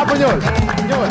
Papa ñëwal ñëwal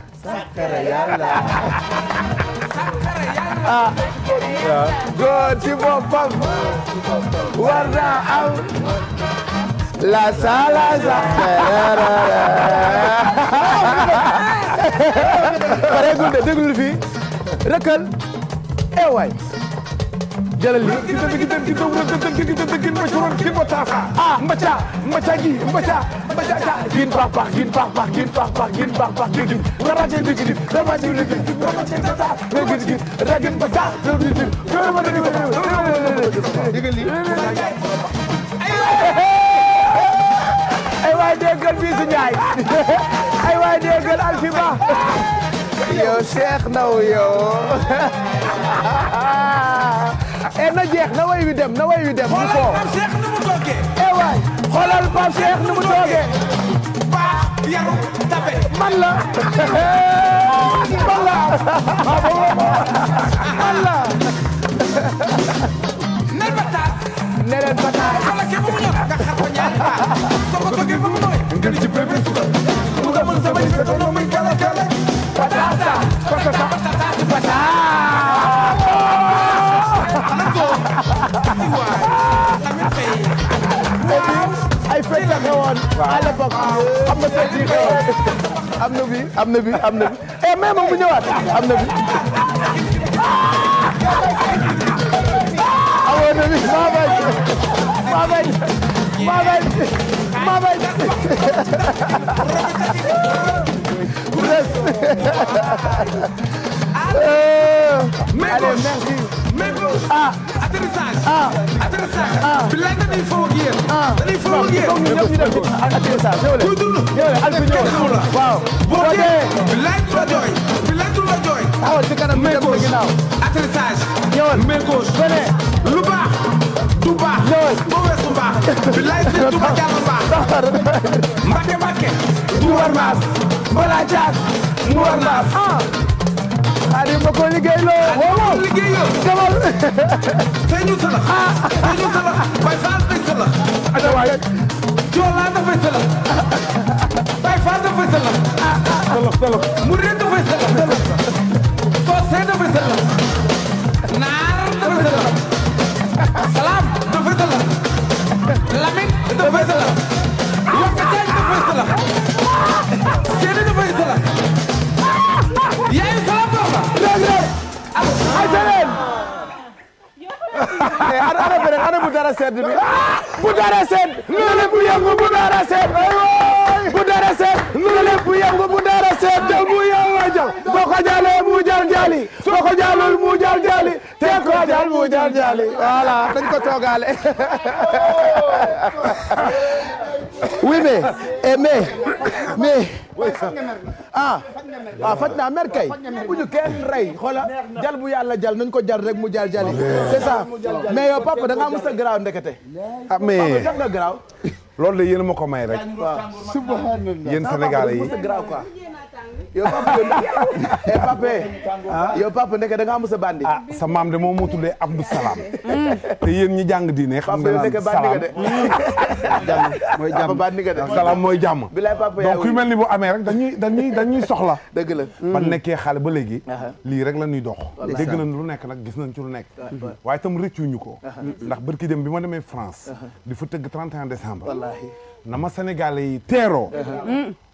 sakkara yàlla ah góor ci boppam war na am la sa la sa pare gul de déglul fii rëkkal eh waay jëlal li ki dëgg ki dëgg ki dëgg ki dëgg ki dëgg mbacuron ki mbata ah mbaca mbaca gi mbaca mbaca ta gin pax pax gin pax pax gin pax pax gin pax pax gin garaje dëgg di garaje dëgg di garaje tata dëgg di ragin mbaca dëgg di ko ma dëgg dëgg li ay ay waay déggal bi su ñaay ay waay déggal alfiba yow Cheikh Ndaw yow e na jeex na way wi dem na way wi dem. ñu foo xoolal Pape Cheikh nu mu toogee. eh waay xoolal Pape Cheikh nu mu toogee. Paa yaru tabe. man la man la. am na bi am na bi eh mais moom mu ñëwaat am na bi. amoon na bi maa bay maa bay maa bay maa bay. Eh. allez merci. ah atterrissage ah atterrissage ah bilaay dañuy foo ak yéen dañuy foo ak yéen ñu ñëpp ñu dem ci atterrissage kuy dund waaw boo dee bilaay du la jooy bilaay du la jooy taxawal ci kanam main gauche ginnaaw atterrissage ñëwal main gauche bene lu baax du baax ñëwal boo weesu mbaax bilaay si du ma jàll mbaax mbàkke mbàkke du war maas balaa jaar mu war maas Xaadim ma ko liggéeyloo. waaw liggéeyloo. demal. tey ñu salax. tey ñu salax. Baye Fall day salax. ana waay. Joola dafay salax. Baye Fall dafay salax. salax salax. dara set na lépp bu dara bu dara set bu ko jalee mu jal jali boo ko jalul mu jal jali te ko jal mu jal jali voilà dañ ko toogaale oui mais eh, mais mais ah waaw ah, faj naa mer kay bu ñu kenn rey jal bu yàlla jal nañ ko jal rek mu jal jali c'est ça mais yow papa da ngaa mës a garaaw ndekete ah mais papa daf nga garaaw loolu de yéen ma ko may rek subhanallah yéen sénégalais yi yow papa yow eh, papa eh, ah. yow papa nekk am sa bandi. ah sa maam de moom moo tuddee Abdou Salam. Mm. te yéen ñi jàng diine xam nga naan salaam. mooy jàmm bandi nga de. salaam mooy jàmm. bilaay yu mel ni bu amee rek dañuy dañuy dañuy soxla. dëgg la. man nekkee xaale ba léegi. lii rek la ñuy dox. dégg nañ lu nekk nag gis nañ ci lu nekk. Mm-hmm. waaye itam rëccuñu ko. ndax bët ki dem bi ma demee France. di fa tëgg 31 décembre. wallaahi na ma Sénégalais yi teeroo.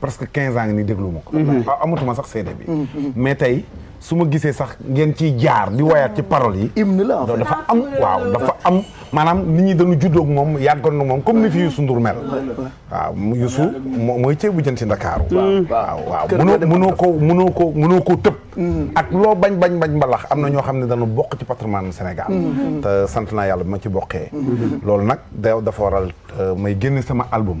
presque quinze ans ni déglu ma ko mhm. ah, amatuma sax CD bi mhm. Mhm. mais tey su ma gisee sax ngeen ciy jaar di wayaat ci paroles yi dafa am waaw dafa am maanaam nit ñi dañu juddoog moom yàggoon na moom comme ni fi Youssou Ndour mel waaw Youssou mooy ceebu jën ci Ndakaaru waaw mënoo mënoo ko mënoo ko mënoo ko tëb ak loo bañ bañ bañ mbalax am na ñoo xam ne dañu bokk ci patrimoine Sénégal te sant naa yàlla bi ma ci bokkee loolu nag da dafa waral euh, may génn sama album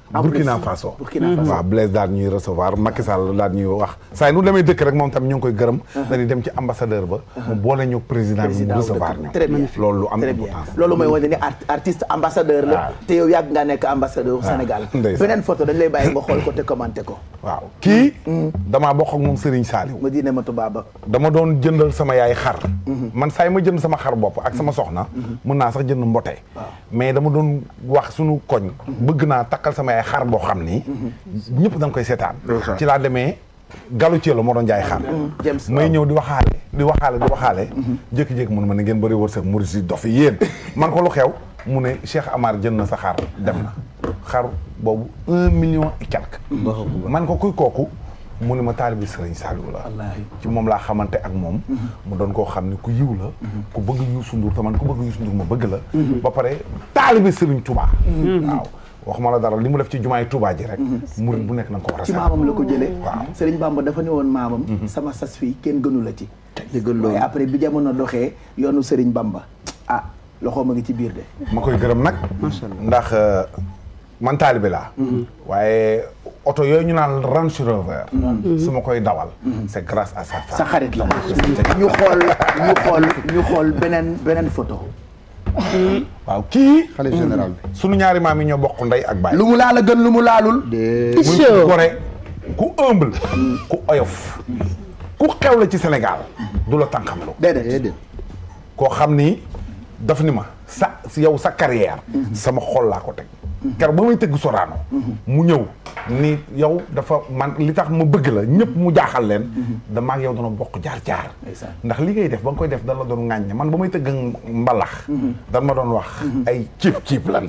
Burkina Faso wa Blaise daal ñuy recevoir Macky Sall daal ñuy wax saa nu demee dëkk rek moom tam ñu ngi koy gërëm uh-huh. dañuy dem ci ambassadeur ba uh-huh. mu boole ñu président bi mu recevoir ñu loolu lu am importance loolu mooy wane ni mm-hmm. artiste ambassadeur la te yow yàgg nga nekk ambassadeur Sénégal beneen photo dañ lay bàyyi nga xool ko te commenté ko waaw kii mm-hmm. dama bokk ak moom Serigne Saliou ma diine ma tubaaba dama doon jëndal sama yaay xar mm-hmm. man saa ma jënd sama xar bopp ak sama soxna mën naa sax jënd mbote mais dama doon wax suñu koñ bëgg naa takkal sama yaay jaay xar boo xam ni. ñëpp da nga koy seetaan. ci laa demee galu Thiel moo doon jaay xar. Mm-hmm. may ñëw di waxaale di waxaale di waxaale. Mm-hmm. jékki-jékki mun ma ne ngeen bëri wërsëg murid si dof yéen man ko lu xew mu ne Cheikh Amar jënd na saxaar dem na. xar boobu un million et quelque. man ko kuy kooku. mu ne ma taalibi sëriñ Saliou la ci moom laa xamante ak moom mm-hmm. mu doon koo xam ne ku yiw la ku bëgg Youssou Ndour te man ku bëgg Youssou Ndour ma bëgg la ba pare taalibi sëriñ Touba waxuma la dara li mu def ci jumaay Touba ji rek mhm. murid nekk na nga ko war a ci maamam la ko jëlee waaw mhm. Sëriñ Bamba dafa ne woon maamam mhm. sama sas fii kenn gënu la ci waaye après bi jamono doxee yoonu Sëriñ Bamba ah loxoom a ngi ci biir de ma koy gërëm nag ndax euh, man taalibe laa waaye oto yooyu ñu naan Range su ma koy dawal c'est grâce sa xarit la xool ñu xool ñu xool beneen beneen photo waaw kii. xale général sunu ñaari maam yi ñoo bokk ndey ak baay. lu mu laal a gën lu mu laalul. muy ku gore ku humble. ku oyof. ku xew la ci Sénégal. du la tànqamlu. déedéet koo xam ni daf ni ma sa yow sa carrière. Mm-hmm. sama xol laa ko teg. kër bamay tegg Sorano mu ñew ni yow dafa man li tax mu bëgg la ñëpp mu jaaxal leen damaa ak yow doona bokk jaar-jaar ndax li ngay def ba nga koy def da la doon ŋàññ man bamay tegg mbalax da ma doon wax ay ciib-ciib lan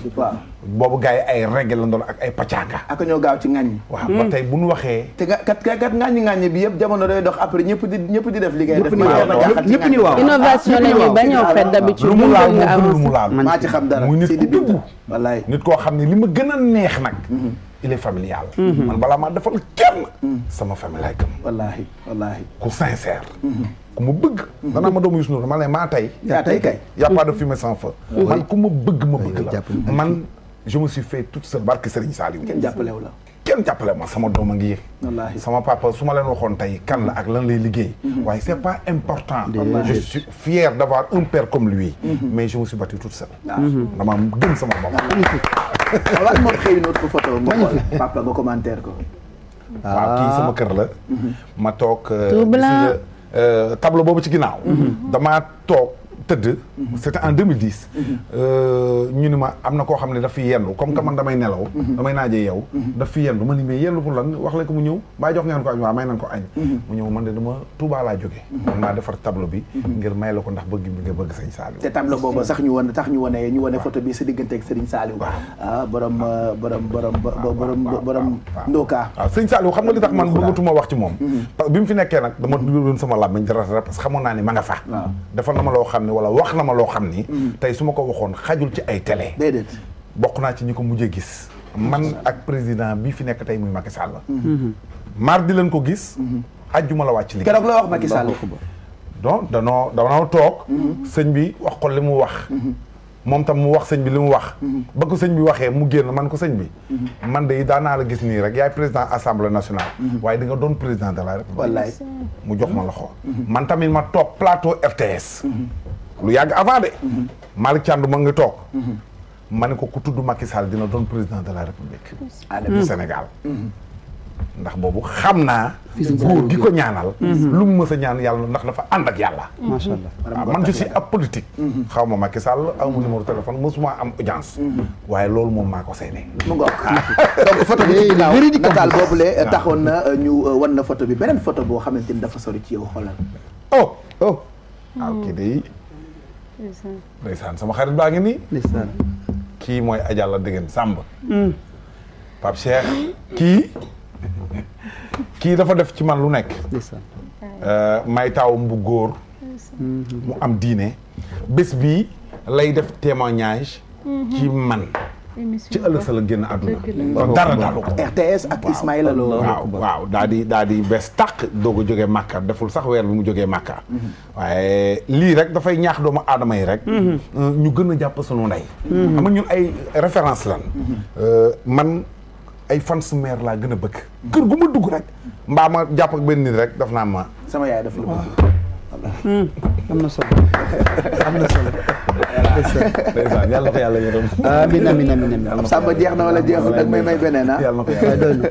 bobu gaay ay reggae la doon ak ay pacaanga ak ñoo gaaw ci ŋàññ wa ba tay bu nu waxee te kat kat ŋàññ ŋàññ bi yëpp jamono day dox après ñëpp di ñëpp di def li ngay def ñëpp ni waaw innovation la ñuy bañ a fait d'habitude mu laal lu mu laal maa ci xam dara ci di ku wallahi nit ko xam ni li neex nag. Mhm. il est familial. Mhm. man balaa maa defal kenn. sama famille lay gëm. wallaahi wallaahi. ku sincère. Mhm. ku ma bëgg. danaa ma doomu Youssou Ndour ma ne maa tey. yaa tey y' a pas de fumée sans feu. man ku ma bëgg ma bëgg la man je me suis fait toute seule barke Serigne Saliou. kenn jàppalewu la. kenn jàppale ma sama doom a ngi yëg sama papa su ma leen waxoon tey kan la ak lan lay liggéey waaye c'est pas important je suis fier d'avoir un père comme lui mais je me suis battu toute seule ah. dama gëm sama bopp ah, xalaat moom xëy na ko photo nga kër la. toog. gis nga boobu ci ginnaaw. damaa toog. tëdd mhm. c'était en 2010 mhm. euh, ñu ni ma am na koo xam ne daf fi yendu comme que mhm. man damay nelaw damay naaje yow daf fi yendu ma ni mais yendu pour lan wax leen ko mu ñëw mbaa jox ngeen ko añ waa may nañ ko añ mu ñëw man de dama Touba laa jóge man naa defar tableau bi ngir may la ko ndax bëgg bi nga bëgg Sëriñ Saliou te tableau boobu sax ñu wone tax ñu wone ñu wone photo bi sa diggante ak Sëriñ Saliou ah borom ah. Euh, borom borom ah, borom borom ndookaa waaw ah, Sëriñ xam nga li tax man bëggatuma wax ci moom parce fi nekkee nag dama doon sama làmmiñ dara parce que ni ma nga fa defal na ma loo xam ni wala wax na ma loo xam ni mm. tey su ma ko waxoon xajul ci ay télé déedéet bokk naa ci ñi ko mujjee gis man mm. ak président bi fi nekk tey muy Macky Sall mm-hmm. mardi leen ko gis ajjuma mm-hmm. la wàcc li keroog la wax Macky Sall donc danoo danoo toog mm-hmm. sëñ bi wax ko li mu wax moom tam mu wax sëñ bi li mu wax ba sëñ bi waxee mu génn man ko sëñ bi man de daanaa la gis nii rek yaay président assemblée nationale waaye di doon président de la république wallaay jox ma loxo man tamit ma toog plateau RTS lu yàgg avant de. Mhm. Malick Thiandou ma ngi toog. Mhm. ma ne ko ku tudd Macky Sall dina doon président de la république. du mhm. Sénégal. ndax boobu xam naa. góor di ko ñaanal. lu mu mës a ñaan yàlla ndax dafa ànd ak yàlla. macha allah ah, man je suis xaw ma Macky Sall aw ma numéro am audience. waaye loolu moom maa ko seene. mu ngoog ah. donc photo bi ci ginnaaw nataal boobule ah. taxoon na euh, ñu euh, wan na photo bi beneen photo boo xamante ni dafa sori ci yow xoolal. oh oh. Hmm. ndeysaan sama xarit baa ngi nii ndeysaan kii mooy ajalla dëggeen sàmb mm. Pape Cheikh kii kii dafa def ci man lu nekk euh, may taawam bu góor mu am diine bés bii lay def témoignage mm-hmm. ci man ci ëllëg sa la génn àdduna dara dalu ko RTS ak Ismaïla Lo waaw daa di bees tàq doog a jógee Màkka deful sax weer bi mu jógee Màkka mm-hmm. waaye lii rek dafay ñaax doomu aadama yi rek mm-hmm. euh, ñu gën a jàpp sunu ndey mm-hmm. xam ay référence lan euh, man ay fans mère laa gën a bëgg kër gu ma dugg rek mbaa jàpp benn nit rek daf naa ma sama yaay daf la bëgg am na solo am na solo. ndeysaan yàlla na ko yàlla yërëm. mina mina amiin am sàmba jeex na wala jeexul dag may may beneen ah. yàlla na ko yàlla doylu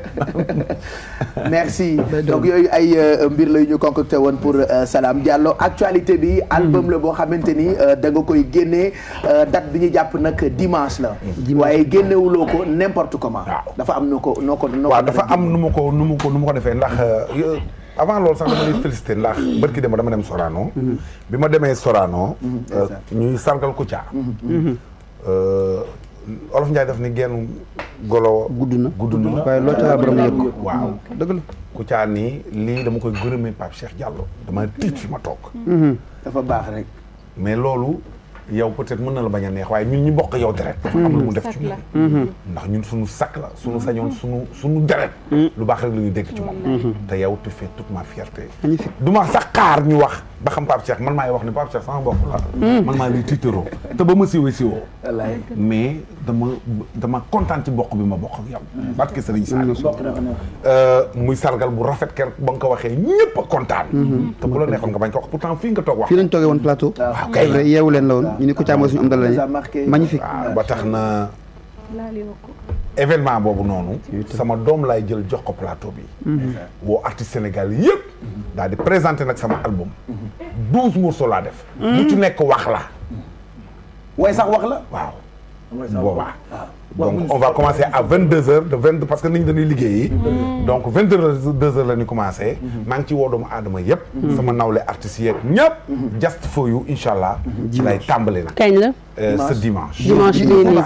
merci donc yooyu ay euh, mbir la yu ñu concocté woon pour euh, Salam Diallo actualité bi. album la boo xamante ni euh, da nga koy génnee date bi ñu jàpp nag dimanche la. waaye génnewuloo ko n'importe comment. dafa am nu ko noo ko noo ko. waaw dafa am nu mu ko nu mu ko nu mu ko defee ndax. avant loolu sax dama lay félicité ndax bërki dema dama dem Sorano bi ma demee Sorano mm-hmm. euh, ñuy sargal Kouthia mm-hmm. euh, Olof Ndiaye def ni genn golo gudd na gudd na waaye loo ca borom yëg waaw dëgg la Kouthia nii lii dama koy gërëmee Pape Cheikh Diallo dama tiit fi ma toog mm-hmm. dafa baax rek mais loolu yow peut-être mën na la baña a neex waye ñun ñi bokk yow dérèt dafa mm-hmm. am lu mu def ci ñun ndax ñun suñu sac la suñu sañon mm-hmm. suñu suñu dérèt mm-hmm. lu bax rek la ñu dégg ci mom té yow tu fais toute ma fierté duma sax xaar ñu wax ba xam pap Cheikh man may wax ni pap Cheikh sama bokk la man may luy titéro té ba ma siwé siwo mais dama dama contente ci bokk bi ma bokk ak yow barké sëriñ Sall muy sargal bu rafet ker ba nga ko waxee ñëpp a kontaan bu la neexoon nga bañ ko wax pourtant fi nga tok wax fi lañ toogee won plateau ah, waaw la won ñu ni ko Kouthia mooy suñu am dal lañu magnifique ah, ba tax na événement boobu noonu sama doom laay jël jox ko plateau bi mhm. woo artiste Sénégal yëpp daal di présenté nag sama album douze morceaux laa def mhm. lu ci nekk wax la waaye sax wax la waaw boobaa ah. donc on va commencer à 22h de 22 parce que nous ñi dañuy mm-hmm. Mm-hmm. donc 22h là ñu commencé. Mm-hmm. maa ngi ci woo doomu aadama yëpp. sama nawlé artiste yep just for you inshallah ci lay tambalé nag. kañ la. Euh, ce dimanche. dimanche bii nii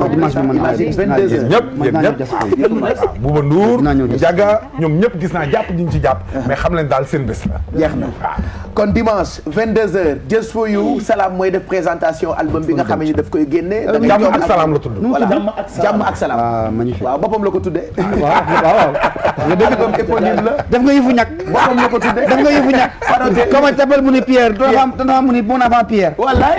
ah dimanche bi mën 22 leen gis naa leen gis Bouba Ndour Jaga ñom ñep gis na japp ñu ci japp ah. mais xam leen dal seen bés la. jeex na ah. kon dimanche 22h just for you Salam moy def présentation album bi nga xamé ne daf koy génne. Salam la tudd voilà. ak jàmm ak salaam. waaw ah, magnifique waaw boppam la ko tuddee. Ah, waaw waaw. de dégg comme éponyme la. daf nga yëfu ñàkk. boppam la ko tuddee nga yëfu ñàkk. pardon tey comment mu ni Pierre. Pierre dina fa mu ni bon avant Pierre. wallaay.